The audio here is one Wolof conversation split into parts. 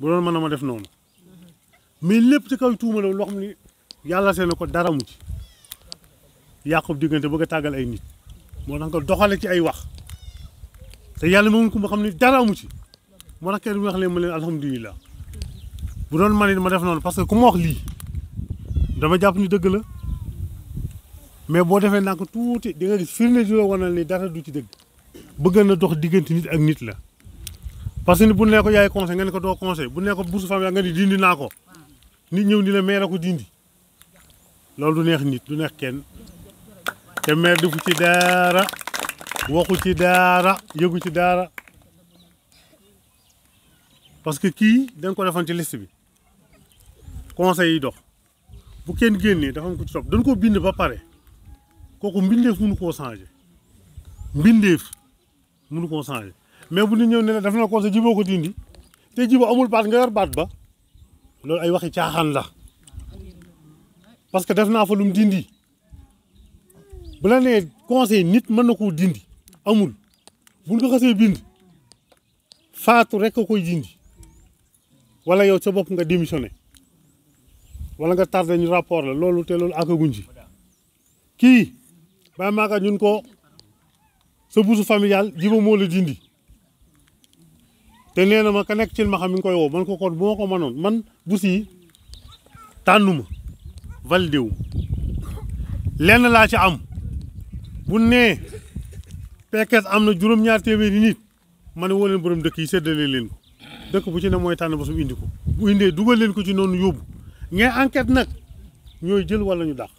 bu doon mën na ma def noonu mais lépp ci kaw tuuma la loo xam ni yàlla seen na ko dara mu ci yàqub diggante bëgg a tàggal ay nit moo tax nga doxale ci ay wax te yàlla moom ko ma xam ni dara mu ci moo tax kenn mu wax leen ma leen alhamdulilah bu doon man it ma noonu parce que ku ma wax lii dama jàpp ni dëgg la mais boo defee ndànk tuuti di nga gis firnde ji la wanal ni dara du ci dëgg bëgg na dox diggante nit ak nit la parce que bu ne ko yaay conseil nga ne ko doo conseil bu ne ko bourse familiale nga ni dindi naa ko nit ñëw ni la maire ko dindi loolu du neex nit du neex kenn te maire defu ci dara waxu ci dara yëgu ci dara parce que kii dañ ko defoon ci liste bi conseil yi dox bu kenn génnee dafa am ko ci topp dañ koo bind ba pare kooku mbindeef mënu koo changé mbindeef mënu koo changé mais bu ñu ñëw ne def na ko sa jiboo ko dindi te jiboo amul baat nga yor baat ba loolu ay waxi caaxaan la parce que def naa fa lum dindi bu la nee conseil nit mën na koo dindi amul buñ ko xasee bind faatu rek a koy dindi walla yow sa bopp nga démissionné wala nga tardé ñu rapport la loolu te loolu àggaguñ ci kii maa maaga ñun ko sa bourse familiale jiba moo la dindi te nee na ma ka nekk cil ma xam mi ngi koy man ko kon bu ma ko mënoon man bus yi tànnuma validé wu lenn laa ci am bu nee Pekes am na juróom-ñaar téeméeri nit ma ne woo leen borom dëkk yi séddale leen ko dëkk bu ci ne mooy tànn ba su indi ko bu indee dugal leen ko ci noonu yóbbu ngay enquête nag ñooy jël walla ñu dàq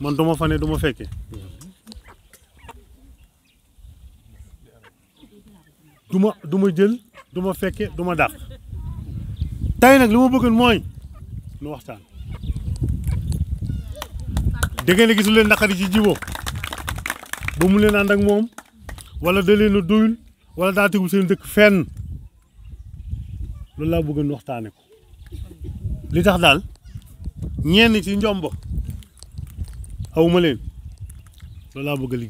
man duma fa ne duma fekkee du ma du ma jël du ma fekke du ma dàq tey nag li ma bëggoon mooy nu waxtaan da ngeen gisul leen naqari ci jibo ba mu leen ànd ak moom wala da leen a doyul wala daa tegu seen dëkk fenn loolu laa bëggoon waxtaane ko li tax daal ñenn ci njombo awma leen loolu laa bëgg a